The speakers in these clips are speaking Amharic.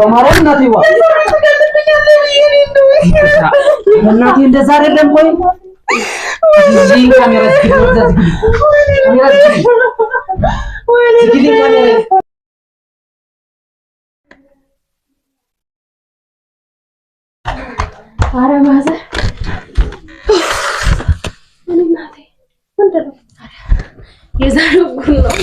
በማርያም እናቴ ዋ እናቴ እንደዛ አይደለም። ቆይ የዛሬው ጉድ ነው።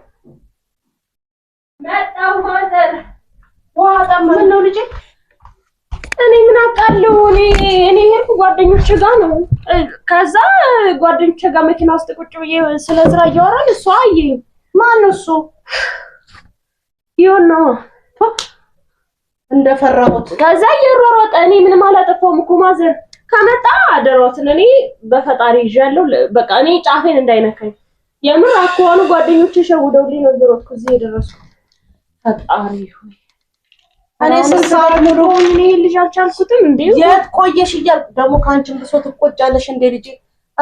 እኔ ምን አውቃለሁ። እኔ እኔ ሄድኩ ጓደኞቼ ጋር ነው። ከዛ ጓደኞቼ ጋር መኪና ውስጥ ቁጭ ብዬ ስለ ስራ እያወራን እሱ አየኝ። ማን እሱ? ይሁን ነው እንደፈራሁት። ከዛ እየሮሮጠ እኔ ምንም አላጠፋሁም እኮ ማዘር ከመጣ አደረውትን እኔ በፈጣሪ ይዣለሁ። በቃ እኔ ጫፌን እንዳይነካኝ የምር አኮኑ ጓደኞቼ ሸውደውልኝ ነው ሮጥኩ እዚህ የደረስኩ። ፈጣሪ ሆይ እኔ ስንሳር ሙሉ እኔ ልጅ አልቻልኩትም እንዴ! የት ቆየሽ እያልኩ ደግሞ ከአንቺም ብሶ ትቆጫለሽ እንዴ ልጅ።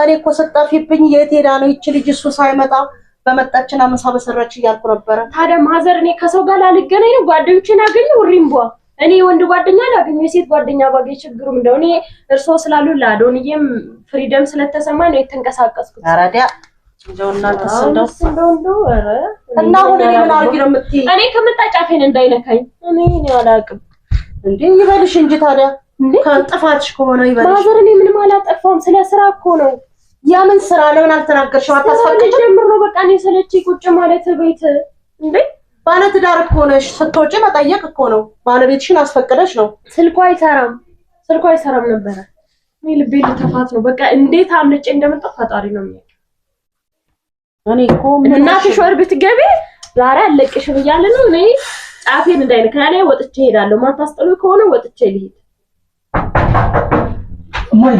እኔ እኮ ስጠፊብኝ የት ሄዳ ነው ይቺ ልጅ? እሱ ሳይመጣ በመጣችን አመሳ በሰራች እያልኩ ነበረ። ታዲያ ማዘር፣ እኔ ከሰው ጋር ላልገናኝ ነው ጓደኞቼን አገኘ ውሪምቧ እኔ ወንድ ጓደኛ ላገኘ የሴት ጓደኛ ባገኝ ችግሩ እንደው እኔ እርስዎ ስላሉ ለአዶንዬም ፍሪደም ስለተሰማኝ ነው የተንቀሳቀስኩት። ታዲያ እና እኔ ምን እንዳይነካኝ እኔ አላውቅም እንዴ። ይበልሽ እንጂ ታዲያ እንዴ ከጥፋትሽ ከሆነ ይበልሽ። ማዘር እኔ ምንም አላጠፋሁም። ስለ ስራ እኮ ነው። ያ ምን ስራ? ለምን አልተናገርሽም? አታስፈቅጂ ጀምር ነው በቃ። እኔ ቁጭ ማለት ቤት እንዴ። እኮ ነሽ። ስትወጪ መጠየቅ እኮ ነው። ባለቤትሽን አስፈቅደሽ ነው። ስልኳ አይሰራም፣ አይሰራም አይሰራም ነበረ እኔ ልቤ ልተፋት ነው በቃ። እንዴት አምልጬ እንደመጣሁ ፈጣሪ ነው የሚያውቀው። እናትሽ ወር ብትገቢ ዛሬ አለቅሽም እያለ ነው። እኔ ጫፌን እንዳይነካ ላይ ወጥቼ እሄዳለሁ። ማታስጠሉ ከሆነ ወጥቼ ልሂድ። ማይ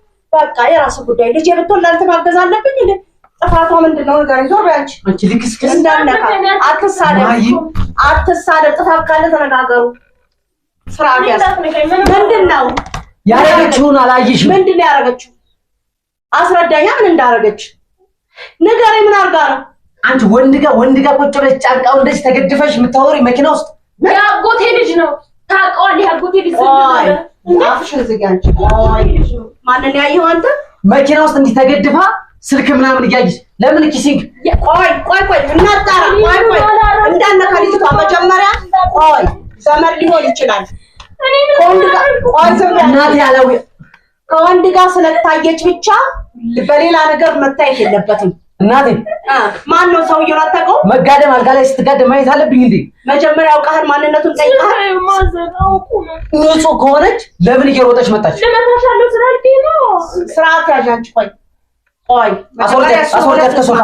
በቃ የራሱ ጉዳይ ልጅ የብትሆን ላንተ ማገዝ አለብኝ። እንደ ጥፋቷ ምንድን ነው ንገረኝ። ዞር እንዳነካ አትሳደብ፣ አትሳደብ። ጥፋት ካለ ተነጋገሩ። ስራ ምንድን ነው ያረገችውን አላየሽም? ምንድን ነው ያረገችው? አስረዳኛ። ምን እንዳረገች ንገረኝ። ምን አርጋ ነው? አንቺ ወንድ ጋር ወንድ ጋር ቁጭ ብለሽ ጫንቃው እንደዚህ ተገድፈሽ የምታወሪ መኪና ውስጥ ያጎቴ ልጅ ነው ታውቀዋለህ። ያጎቴ ልጅ ነው አፍሽን ዝጊ ማንን ያየኸው አንተ? መኪና ውስጥ እንዲህ ተገድፋ ስልክ ምናምን እያየሽ ለምን ኪሲንግ? ቆይ ቆይ ቆይ እናጣራ። ቆይ ቆይ እንዳነካ ልጅቷ መጀመሪያ ቆይ፣ ዘመድ ሊሆን ይችላል። ከወንድ ጋር ስለታየች ብቻ በሌላ ነገር መታየት የለበትም እናቴ ማን ነው ሰውዬው? አታውቀው? መጋደም አልጋ ላይ ስትጋደም ማየት አለብኝ እንዴ? መጀመሪያ አውቃህን ማንነቱን ጠይቃህ? ንጹህ ከሆነች ለምን እየሮጠች መጣች? ስርዓት ያዣች። ቆይ ቆይ፣ አስወርጃት ከሶፋ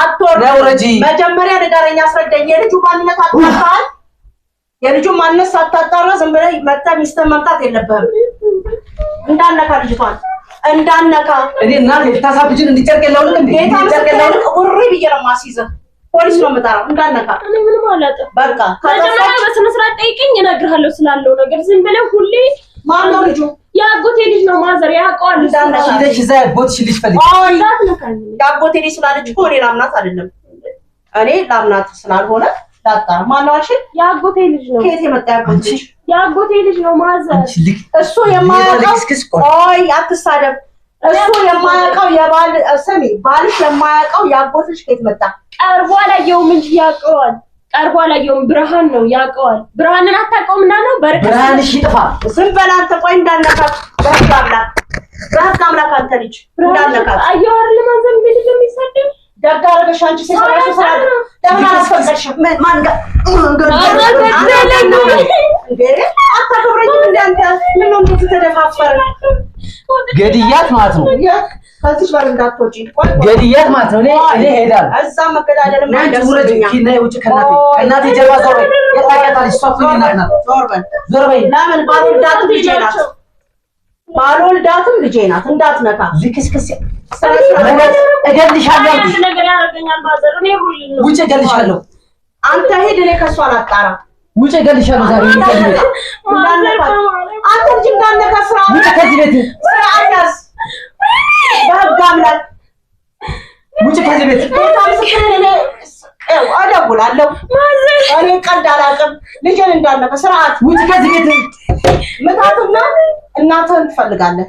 አትወርጂ። መጀመሪያ ንገረኝ፣ አስረዳኝ። የልጁ ማንነት አታውቃል? የልጁ ማንነት ሳታጣራ ዝም ብለህ መጣ ሚስትህን መምጣት የለብህም። እንዳነካ ልጅቷን እንዳነካ እኔ እናቴ ልታሳብጂን እንዲጨርቅ የለውልቅ እንዲጨርቅ ውሪ ብዬ ነው የማስይዘህ። ፖሊስ ነው የምጠራው። እንዳነካ እኔ ምንም አላጠፋም። በቃ ከመጀመሪያ በስነ ጠይቅኝ፣ እነግርሃለሁ ስላለው ነገር። ዝም ብለህ ሁሌ ማነው ልጁ? የአጎቴ ልጅ ነው ማዘር ያውቀዋል። እንዳነካ ልጅ እዛ ልጅ ፈልጊ። እንዳትነካ የአጎቴ ልጅ ስላለች እኮ እኔ ላምናት አይደለም እኔ ላምናት ስላልሆነ ታጣ ማነው የአጎቴ ልጅ ነው። ከየት የመጣ ያጎት ልጅ? የአጎቴ ልጅ ነው። ማዘር እሱ የማያውቀው ቆይ አትሳደብ። እሱ የማያውቀው የባል ስሚ፣ ባልሽ የማያውቀው የአጎትሽ ከየት መጣ? ቀርቦ አላየውም እንጂ ያውቀዋል። ቀርቦ አላየውም። ብርሃን ነው ያውቀዋል። ብርሃንን አታውቀውም እና ነው በርቀት ብርሃንሽ ይጥፋ። ዝም በል አንተ። ቆይ እንዳልነካ በህግ አምላክ፣ በህግ አምላክ አንተ ልጅ እንዳልነካ። አየሁ አይደል ማዘር፣ እንግዲህ የሚሰድብ ደግ አንቺ ሴት ራሱ ስራ ለምን አላስፈለግሽም? ማን ገድያት ማለት ነው። ከዚህ ባል እንዳትወጪ ገድያት ማለት ነው። እኔ እሄዳለሁ። እዛ መገዳደል ጀርባ ዞር በይ። ናት። ዞር ባልወልዳትም ልጄ ናት። እንዳትነካ ልክስክስ ውጭ እገልሻለሁ። አንተ ሂድ፣ እኔ ከእሷን አጣራ። ውጭ እገልሻለሁ። ዛሬ አንተ ልጅ እንዳነካ ስራ በህግ አምላክ ውጭ ከዚህ ቤት እደውላለሁ። እኔ ቀልድ አላውቅም። ልጄን እንዳነካ ስርዓት ውጭ ከዚህ ቤት ምታቱና እናትህን ትፈልጋለህ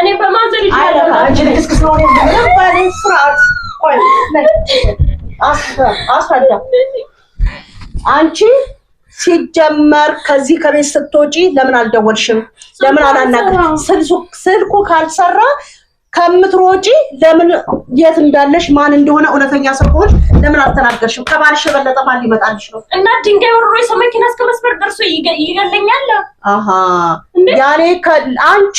እኔ በማዘር ይችላል ስርዓት አንቺ ሲጀመር ከዚህ ከቤት ስትወጪ ለምን አልደወልሽም ለምን አላናገር ስልኩ ካልሰራ ከምትሮጪ ለምን የት እንዳለሽ ማን እንደሆነ እውነተኛ ሰው ከሆንሽ ለምን አልተናገርሽም? ከባልሽ የበለጠ ማን ሊመጣልሽ ነው? እና ድንጋይ ወርሮ የሰው መኪና እስከ መስመር ደርሶ ይገለኛል። አሀ ያኔ አንቺ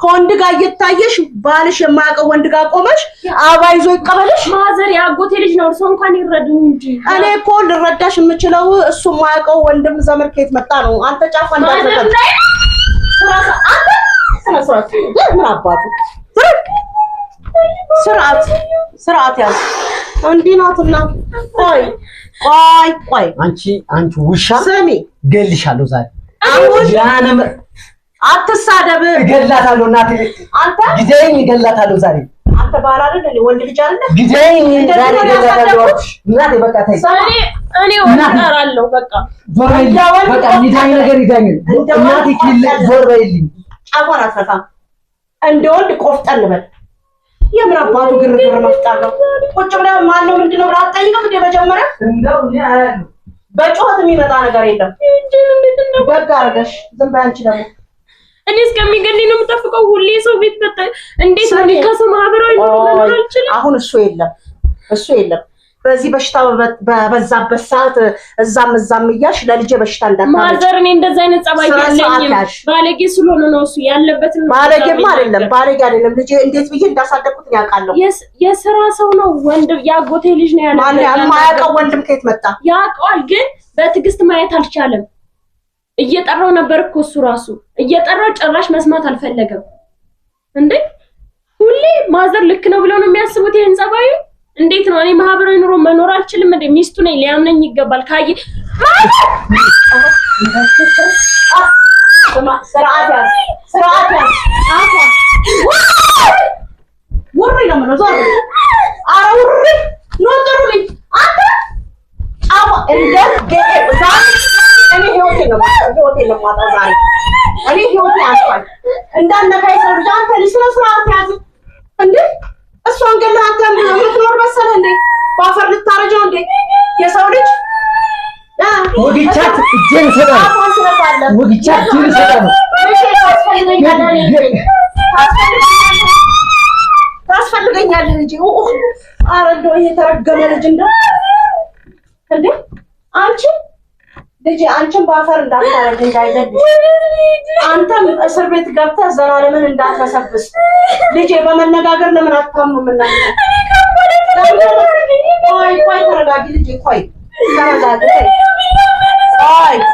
ከወንድ ጋር እየታየሽ ባልሽ የማያውቀው ወንድ ጋር ቆመሽ አበባ ይዞ ይቀበልሽ። ማዘር የአጎቴ ልጅ ነው፣ እርሶ እንኳን ይረዱ እንጂ እኔ እኮ ልረዳሽ የምችለው እሱ የማያውቀው ወንድም ዘመድ ከየት መጣ ነው። አንተ ጫፋ እንዳትረዳ ስነስርዓት ምን አባቱ ስርዓት ስርዓት ያዝ። እንዲህ ናትና፣ ቆይ ቆይ ቆይ፣ አንቺ አንቺ ውሻ ስሚ፣ እገልሻለሁ ዛሬ። አሁን አትሳደብ፣ እገላታለሁ። እናቴ አንተ እገላታለሁ ዛሬ። አንተ ወንድ ልጅ ዛሬ፣ እገላታለሁ። እናቴ በቃ ተይ፣ እኔ እጠራለሁ። በቃ በቃ፣ ነገር ይዳኝ። እናቴ ዞር በይልኝ ጫቷን አሰፋ እንደ ወንድ ቆፍጠን በል። የምን አባቱ ግርግር መፍጣር ነው? ቁጭ ብለህ ማነው ምንድን ነው ብለህ አትጠይቅም እንዴ? መጀመሪያ በጩኸት የሚመጣ ነገር የለም። በግ አድርገሽ ዝም በይ። አንቺ ደግሞ እኔ እስከሚገድልኝ ነው የምጠብቀው። ሁሌ ሰው ቤት እንዴት ነው ከሰው ማህበራዊ አሁን እሱ የለም እሱ የለም በዚህ በሽታ በበዛበት ሰዓት እዛም እዛም እያልሽ ለልጄ በሽታ እንዳታመጪ ማዘር። እኔ እንደዛ አይነት ጸባይ ያለኝ ባለጌ ስለሆነ ነው እሱ ያለበትን። ባለጌማ አይደለም ባለጌ አይደለም። ልጄ እንዴት ብዬ እንዳሳደግኩት ያውቃለሁ። የስራ ሰው ነው ወንድም፣ ያጎቴ ልጅ ነው ያለ። የማያውቀው ወንድም ከየት መጣ? ያውቀዋል፣ ግን በትዕግስት ማየት አልቻለም። እየጠራው ነበር እኮ እሱ ራሱ እየጠራው፣ ጭራሽ መስማት አልፈለገም። እንዴ ሁሌ ማዘር ልክ ነው ብለው ነው የሚያስቡት ይህን ጸባዩ እንዴት ነው? እኔ ማህበራዊ ኑሮ መኖር አልችልም እንዴ? ሚስቱ ነኝ፣ ሊያምነኝ ይገባል። ካየ ስርዓት ወግቻ ታስፈልገኛለህ ልጄ። ኧረ እንደው የተረገመ ልጅ እንደው እንደ አንቺ አንቺን በአፈር እንዳታረግ እንዳይገልሽ፣ አንተም እስር ቤት ገብተህ ዘላለምን እንዳትበሰብስ ልጄ። በመነጋገር ለምን ቆይ ቆይ ተረጋጊ ቆይ ተረጋጊ።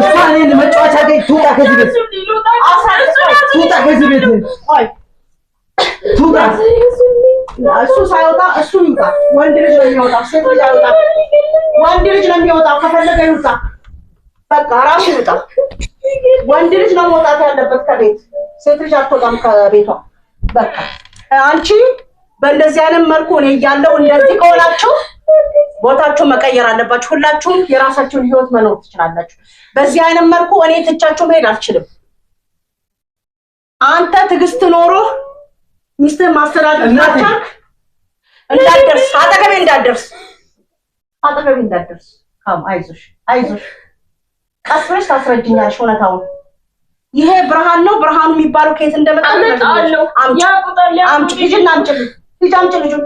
እሷ እኔን መጫወቻ ገኝ ትውጣ ከዚህ ቤት ትውጣ ከዚህ ቤት ትውጣ። እሱ ሳይወጣ እሱ ይውጣ። ወንድ ልጅ ነው የሚወጣው፣ ሴት ልጅ አይወጣም። ወንድ ልጅ ነው የሚወጣው። ከፈለገ ይውጣ፣ በቃ ራሱ ይውጣ። ወንድ ልጅ ነው መውጣት ያለበት ከቤት። ሴት ልጅ አትወጣም ከቤቷ። በቃ አንቺ በእንደዚህ አይነት መልኩ እኔ እያለሁ እንደዚህ ከሆናችሁ ቦታችሁ መቀየር አለባችሁ። ሁላችሁም የራሳችሁን ህይወት መኖር ትችላላችሁ። በዚህ አይነት መልኩ እኔ ትቻችሁ መሄድ አልችልም። አንተ ትዕግስት ኖሮ ሚስትህን ማስተዳደር ካልቻልክ እንዳትደርስ፣ አጠገቤ እንዳትደርስ፣ አጠገቤ እንዳትደርስ። ካም አይዞሽ፣ አይዞሽ፣ ቀስ ብለሽ ታስረጅኛለሽ እውነታውን ይሄ ብርሃን ነው። ብርሃኑ የሚባለው ከየት እንደመጣ አምጪ፣ ልጅና አምጪ፣ ልጅ አምጪ፣ ልጁን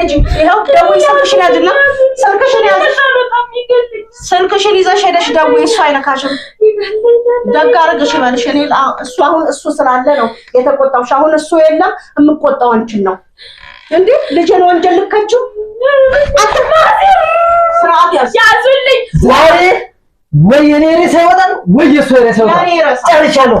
እጅ ይኸው ደውይ፣ ስልክሽን ያዝና ስልክሽን ይዘሽ ሄደሽ ደውይ። እሱ አይነካሽም። ደግ አድርግሽ ይበልሽ። እኔ እሱ አሁን እሱ ስላለ ነው የተቆጣሁሽ። አሁን እሱ የለም፣ የምቆጣው አንቺን ነው። እንዴ ልጄን ወንጀል ልከችው። ስርዓት ያዙልኝ። ዛሬ ወይ የኔ ሬሳ ይወጣል ወይ የእሱ ሬሳ ይወጣል። ጨርሻለሁ።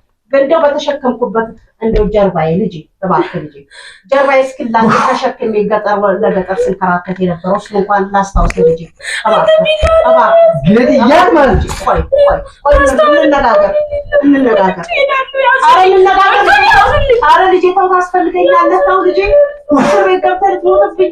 እንደው በተሸከምኩበት እንደው ጀርባዬ ልጅ እባክህ ልጅ ጀርባዬ እስክላ ተሸክሜ ገጠር ለገጠር ስንከራከት የነበረው እሱ እንኳን ላስታውስ ልጅ እንነጋገር እንነጋገር። ኧረ ተው ታስፈልገኛለህ። ተው ልጄ ገብተህ ልትሞትብኝ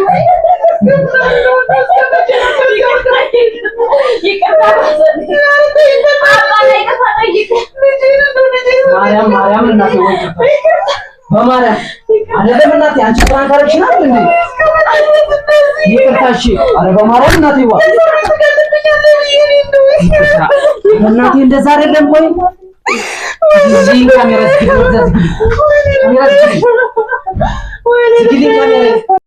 ማርያም ማርያም እናቴ ወይ በማርያም አይደለም እናቴ አንቺ ፍራንክ አረግሽናል እንዴ? ይቅርታ እሺ። ኧረ በማርያም እናቴ ዋ እናቴ እንደዛ አይደለም። ቆይ እዚህ ካሜራ እስኪ ካሜራ እስኪ